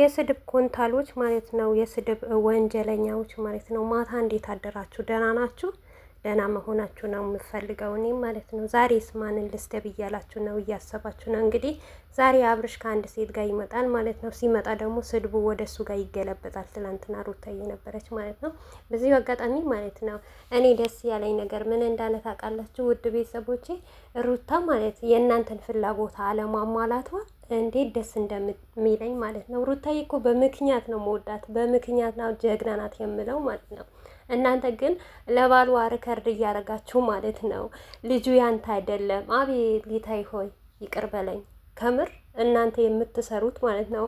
የስድብ ኮንታሎች ማለት ነው፣ የስድብ ወንጀለኛዎች ማለት ነው። ማታ እንዴት አደራችሁ? ደህና ናችሁ? ደህና መሆናችሁ ነው የምፈልገው እኔም ማለት ነው። ዛሬስ ማንን ልስደብ እያላችሁ ነው እያሰባችሁ ነው። እንግዲህ ዛሬ አብርሽ ከአንድ ሴት ጋር ይመጣል ማለት ነው። ሲመጣ ደግሞ ስድቡ ወደ እሱ ጋር ይገለበጣል። ትላንትና ሩታ የነበረች ማለት ነው። በዚሁ አጋጣሚ ማለት ነው እኔ ደስ ያለኝ ነገር ምን እንዳለ ታውቃላችሁ? ውድ ቤተሰቦቼ ሩታ ማለት የእናንተን ፍላጎት አለማሟላቷ እንዴት ደስ እንደሚለኝ ማለት ነው። ሩታዬ እኮ በምክንያት ነው መወዳት፣ በምክንያት ነው ጀግና ናት የምለው ማለት ነው። እናንተ ግን ለባሏ ሪከርድ እያደረጋችሁ ማለት ነው። ልጁ ያንተ አይደለም። አቤት ጌታይ ሆይ ይቅር በለኝ። ከምር እናንተ የምትሰሩት ማለት ነው።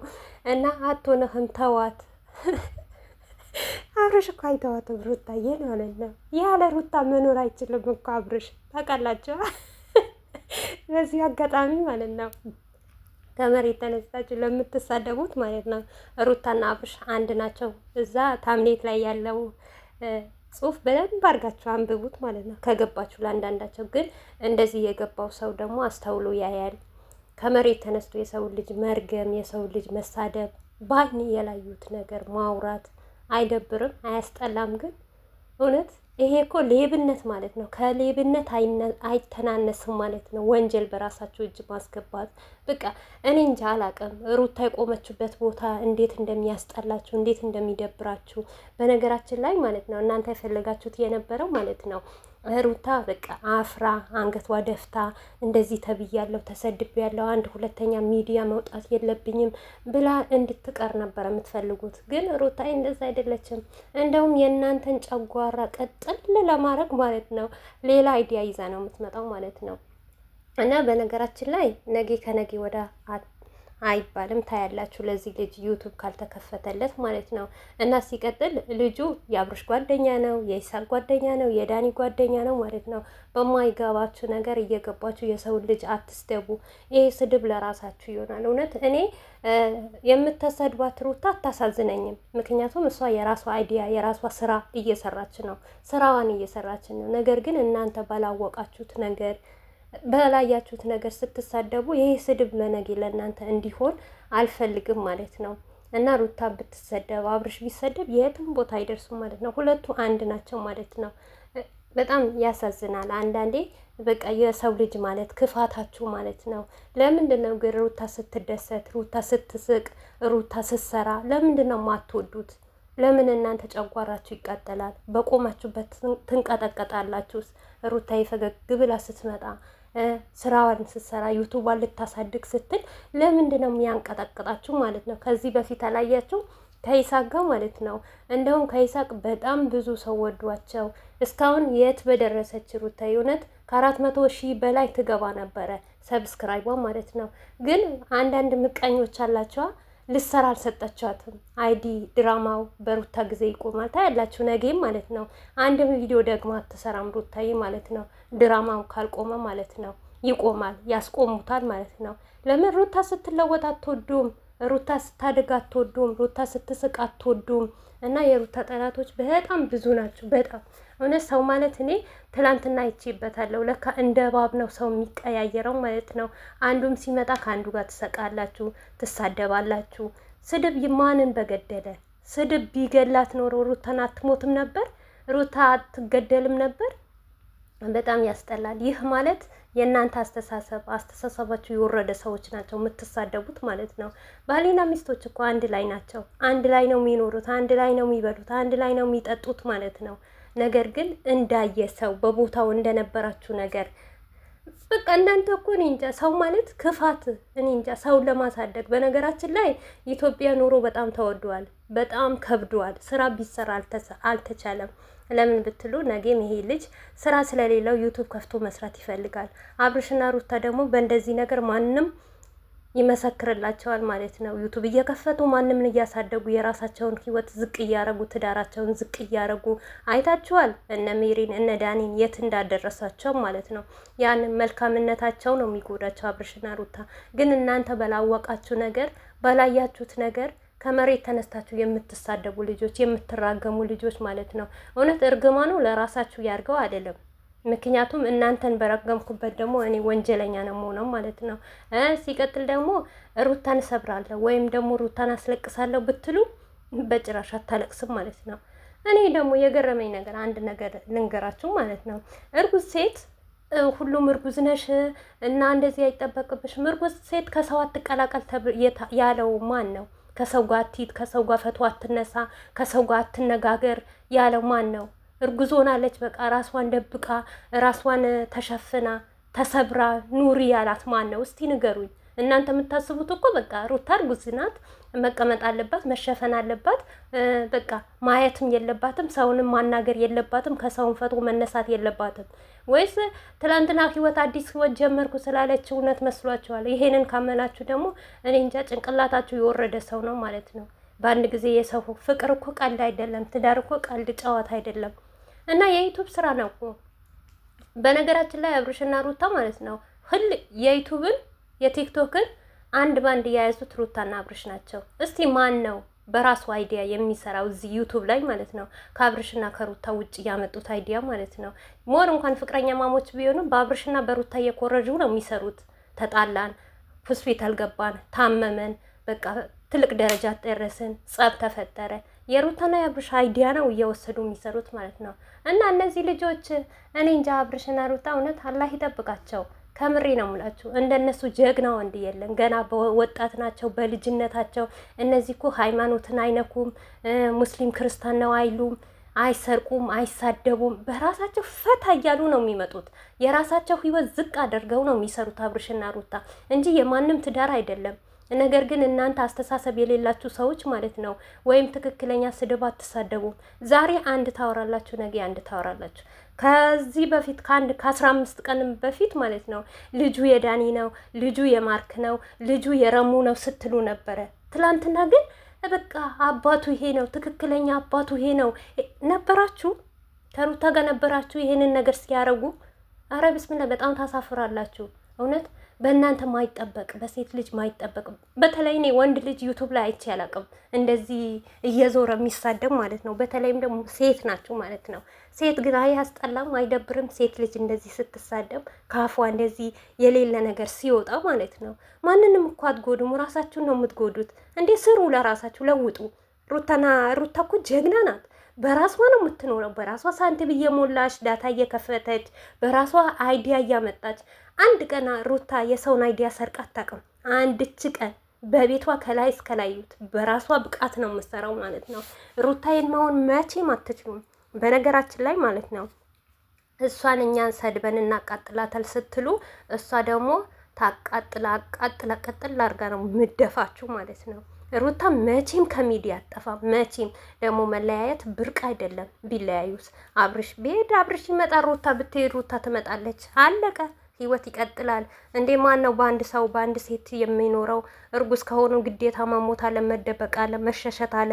እና አትሆነህም ተዋት። አብርሽ እኮ አይተዋትም ሩታዬን ማለት ነው። ያለ ሩታ መኖር አይችልም እኮ አብርሽ ታውቃላችሁ። በዚህ አጋጣሚ ማለት ነው ከመሬት ተነስታችሁ ለምትሳደቡት ማለት ነው ሩታና አብርሽ አንድ ናቸው። እዛ ታምሌት ላይ ያለው ጽሁፍ በደንብ አድርጋችሁ አንብቡት ማለት ነው ከገባችሁ ለአንዳንዳቸው። ግን እንደዚህ የገባው ሰው ደግሞ አስተውሎ ያያል። ከመሬት ተነስቶ የሰው ልጅ መርገም፣ የሰው ልጅ መሳደብ፣ ባይን የላዩት ነገር ማውራት አይደብርም? አያስጠላም? ግን እውነት ይሄ እኮ ሌብነት ማለት ነው። ከሌብነት አይተናነስም ማለት ነው። ወንጀል በራሳቸው እጅ ማስገባት በቃ እኔ እንጃ አላቅም። ሩታ የቆመችበት ቦታ እንዴት እንደሚያስጠላችሁ እንዴት እንደሚደብራችሁ በነገራችን ላይ ማለት ነው እናንተ የፈለጋችሁት የነበረው ማለት ነው ሩታ በቃ አፍራ አንገቷ ደፍታ እንደዚህ ተብያለሁ፣ ተሰድቤያለሁ፣ አንድ ሁለተኛ ሚዲያ መውጣት የለብኝም ብላ እንድትቀር ነበር የምትፈልጉት። ግን ሩታ እንደዛ አይደለችም። እንደውም የእናንተን ጨጓራ ቀጥል ለማድረግ ማለት ነው ሌላ አይዲያ ይዛ ነው የምትመጣው ማለት ነው። እና በነገራችን ላይ ነጌ ከነጌ ወደ አይባልም። ታያላችሁ ለዚህ ልጅ ዩቱብ ካልተከፈተለት ማለት ነው። እና ሲቀጥል ልጁ የአብርሽ ጓደኛ ነው፣ የይሳቅ ጓደኛ ነው፣ የዳኒ ጓደኛ ነው ማለት ነው። በማይገባችሁ ነገር እየገባችሁ የሰውን ልጅ አትስደቡ። ይሄ ስድብ ለራሳችሁ ይሆናል። እውነት እኔ የምተሰድባት ሩታ አታሳዝነኝም። ምክንያቱም እሷ የራሷ አይዲያ የራሷ ስራ እየሰራች ነው፣ ስራዋን እየሰራች ነው። ነገር ግን እናንተ ባላወቃችሁት ነገር በላያችሁት ነገር ስትሳደቡ ይህ ስድብ መነጌ ለእናንተ እንዲሆን አልፈልግም ማለት ነው። እና ሩታ ብትሰደብ አብርሽ ቢሰደብ የትም ቦታ አይደርሱም ማለት ነው። ሁለቱ አንድ ናቸው ማለት ነው። በጣም ያሳዝናል። አንዳንዴ በቃ የሰው ልጅ ማለት ክፋታችሁ ማለት ነው። ለምንድን ነው ግን ሩታ ስትደሰት፣ ሩታ ስትስቅ፣ ሩታ ስትሰራ ለምንድን ነው ማትወዱት? ለምን እናንተ ጨጓራችሁ ይቃጠላል? በቆማችሁበት ትንቀጠቀጣላችሁ። ሩታ የፈገግ ብላ ስትመጣ ስራዋን ስትሰራ ዩቱቧን ልታሳድግ ስትል ለምንድን ነው የሚያንቀጠቅጣችሁ ማለት ነው። ከዚህ በፊት አላያችሁ ከይሳቅ ጋር ማለት ነው። እንደውም ከይሳቅ በጣም ብዙ ሰው ወዷቸው እስካሁን የት በደረሰች ሩታ የእውነት ከአራት መቶ ሺህ በላይ ትገባ ነበረ ሰብስክራይቧ ማለት ነው። ግን አንዳንድ ምቀኞች አላቸዋ ልሰራ አልሰጠቻትም። አይዲ ድራማው በሩታ ጊዜ ይቆማል። ታያላችሁ ነገም ማለት ነው። አንድም ቪዲዮ ደግሞ አትሰራም ሩታዬ ማለት ነው። ድራማው ካልቆመ ማለት ነው ይቆማል፣ ያስቆሙታል ማለት ነው። ለምን ሩታ ስትለወጥ አትወዱም፣ ሩታ ስታደግ አትወዱም፣ ሩታ ስትስቅ አትወዱም። እና የሩታ ጠላቶች በጣም ብዙ ናቸው በጣም እውነት ሰው ማለት እኔ ትላንትና አይቼበታለሁ። ለካ እንደ እባብ ነው ሰው የሚቀያየረው ማለት ነው። አንዱም ሲመጣ ከአንዱ ጋር ትሰቃላችሁ፣ ትሳደባላችሁ። ስድብ ማንን በገደለ? ስድብ ቢገላት ኖሮ ሩታን አትሞትም ነበር፣ ሩታ አትገደልም ነበር። በጣም ያስጠላል። ይህ ማለት የእናንተ አስተሳሰብ አስተሳሰባቸው የወረደ ሰዎች ናቸው የምትሳደቡት ማለት ነው። ባልና ሚስቶች እኮ አንድ ላይ ናቸው። አንድ ላይ ነው የሚኖሩት፣ አንድ ላይ ነው የሚበሉት፣ አንድ ላይ ነው የሚጠጡት ማለት ነው። ነገር ግን እንዳየ ሰው በቦታው እንደነበራችሁ ነገር በቃ እናንተ እኮ እኔ እንጃ ሰው ማለት ክፋት እኔ እንጃ ሰውን ለማሳደግ በነገራችን ላይ ኢትዮጵያ ኑሮ በጣም ተወዷል፣ በጣም ከብዷል። ስራ ቢሰራ አልተቻለም። ለምን ብትሉ ነገም ይሄ ልጅ ስራ ስለሌለው ዩቱብ ከፍቶ መስራት ይፈልጋል። አብርሽና ሩታ ደግሞ በእንደዚህ ነገር ማንም ይመሰክርላቸዋል ማለት ነው። ዩቱብ እየከፈቱ ማንምን እያሳደጉ የራሳቸውን ህይወት ዝቅ እያረጉ ትዳራቸውን ዝቅ እያረጉ አይታችኋል። እነ ሜሪን እነ ዳኒን የት እንዳደረሳቸው ማለት ነው። ያንን መልካምነታቸው ነው የሚጎዳቸው። አብርሽና ሩታ ግን እናንተ በላወቃችሁ ነገር በላያችሁት ነገር ከመሬት ተነስታችሁ የምትሳደቡ ልጆች፣ የምትራገሙ ልጆች ማለት ነው። እውነት እርግማኑ ለራሳችሁ ያርገው አይደለም ምክንያቱም እናንተን በረገምኩበት ደግሞ እኔ ወንጀለኛ ነው መሆነው ማለት ነው። ሲቀጥል ደግሞ ሩታን እሰብራለሁ ወይም ደግሞ ሩታን አስለቅሳለሁ ብትሉ በጭራሽ አታለቅስም ማለት ነው። እኔ ደግሞ የገረመኝ ነገር አንድ ነገር ልንገራችሁ ማለት ነው። እርጉዝ ሴት ሁሉም እርጉዝ ነሽ እና እንደዚህ አይጠበቅብሽም፣ እርጉዝ ሴት ከሰው አትቀላቀል ያለው ማን ነው? ከሰው ጋር አትሂድ፣ ከሰው ጋር ፈቶ አትነሳ፣ ከሰው ጋር አትነጋገር ያለው ማን ነው? እርጉዝ ሆናለች። በቃ ራሷን ደብቃ ራሷን ተሸፍና ተሰብራ ኑሪ ያላት ማን ነው እስቲ ንገሩኝ። እናንተ የምታስቡት እኮ በቃ ሩታ እርጉዝ ናት፣ መቀመጥ አለባት፣ መሸፈን አለባት፣ በቃ ማየትም የለባትም፣ ሰውንም ማናገር የለባትም፣ ከሰውን ፈጥሮ መነሳት የለባትም። ወይስ ትላንትና ህይወት አዲስ ህይወት ጀመርኩ ስላለች እውነት መስሏችኋል? ይሄንን ካመናችሁ ደግሞ እኔ እንጃ ጭንቅላታችሁ የወረደ ሰው ነው ማለት ነው። በአንድ ጊዜ የሰው ፍቅር እኮ ቀልድ አይደለም፣ ትዳር እኮ ቀልድ ጨዋታ አይደለም። እና የዩቱብ ስራ ነው እኮ በነገራችን ላይ አብርሽና ሩታ ማለት ነው ሁል የዩቱብን የቲክቶክን አንድ ባንድ የያዙት ሩታና አብርሽ ናቸው። እስቲ ማን ነው በራሱ አይዲያ የሚሰራው እዚህ ዩቱብ ላይ ማለት ነው? ከአብርሽና ከሩታ ውጭ ያመጡት አይዲያ ማለት ነው። ሞር እንኳን ፍቅረኛ ማሞች ቢሆኑ በአብርሽና በሩታ እየኮረጁ ነው የሚሰሩት። ተጣላን፣ ሆስፒታል ገባን፣ ታመመን፣ በቃ ትልቅ ደረጃ ደረስን፣ ጸብ ተፈጠረ የሩታና የአብርሽ አይዲያ ነው እየወሰዱ የሚሰሩት ማለት ነው። እና እነዚህ ልጆች እኔ እንጃ አብርሽና ሩታ እውነት አላህ ይጠብቃቸው። ከምሬ ነው የምላችሁ። እንደነሱ ጀግና ወንድ የለም። ገና በወጣት ናቸው፣ በልጅነታቸው። እነዚህ እኮ ሃይማኖትን አይነኩም፣ ሙስሊም ክርስቲያን ነው አይሉም፣ አይሰርቁም፣ አይሳደቡም። በራሳቸው ፈታ እያሉ ነው የሚመጡት። የራሳቸው ህይወት ዝቅ አድርገው ነው የሚሰሩት አብርሽና ሩታ እንጂ የማንም ትዳር አይደለም። ነገር ግን እናንተ አስተሳሰብ የሌላችሁ ሰዎች ማለት ነው፣ ወይም ትክክለኛ ስድብ አትሳደቡም። ዛሬ አንድ ታወራላችሁ፣ ነገ አንድ ታወራላችሁ። ከዚህ በፊት ከአንድ ከአስራ አምስት ቀንም በፊት ማለት ነው ልጁ የዳኒ ነው፣ ልጁ የማርክ ነው፣ ልጁ የረሙ ነው ስትሉ ነበረ። ትላንትና ግን በቃ አባቱ ይሄ ነው፣ ትክክለኛ አባቱ ይሄ ነው ነበራችሁ። ከሩታ ጋር ነበራችሁ ይሄንን ነገር ሲያረጉ። አረ ብስምላ በጣም ታሳፍራላችሁ እውነት በእናንተ ማይጠበቅ በሴት ልጅ ማይጠበቅ በተለይ እኔ ወንድ ልጅ ዩቱብ ላይ አይቼ አላውቅም፣ እንደዚህ እየዞረ የሚሳደብ ማለት ነው። በተለይም ደግሞ ሴት ናቸው ማለት ነው። ሴት ግን አይ አስጠላም፣ አይደብርም? ሴት ልጅ እንደዚህ ስትሳደብ ካፏ እንደዚህ የሌለ ነገር ሲወጣ ማለት ነው። ማንንም እኮ አትጎዱም፣ ራሳችሁን ነው የምትጎዱት። እንዴ ስሩ፣ ለራሳችሁ ለውጡ። ሩታና ሩታ እኮ ጀግና ናት። በራሷ ነው የምትኖረው። በራሷ ሳንቲም እየሞላች ዳታ እየከፈተች በራሷ አይዲያ እያመጣች አንድ ቀን ሩታ የሰውን አይዲያ ሰርቃ አታውቅም። አንድች ቀን በቤቷ ከላይ እስከላዩት በራሷ ብቃት ነው የምትሰራው ማለት ነው። ሩታዬን መሆን መቼም አትችሉም። በነገራችን ላይ ማለት ነው እሷን እኛን ሰድበን እናቃጥላታል ስትሉ እሷ ደግሞ ታቃጥላ አቃጥላ ቀጥል አድርጋ ነው ምደፋችሁ ማለት ነው። ሩታ መቼም ከሚዲያ አጠፋ። መቼም ደግሞ መለያየት ብርቅ አይደለም። ቢለያዩስ አብርሽ ቢሄድ አብርሽ ይመጣ፣ ሩታ ብትሄድ ሩታ ትመጣለች። አለቀ። ህይወት ይቀጥላል እንዴ! ማን ነው በአንድ ሰው በአንድ ሴት የሚኖረው? እርጉዝ ከሆኑ ግዴታ መሞት አለ፣ መደበቅ አለ፣ መሸሸት አለ።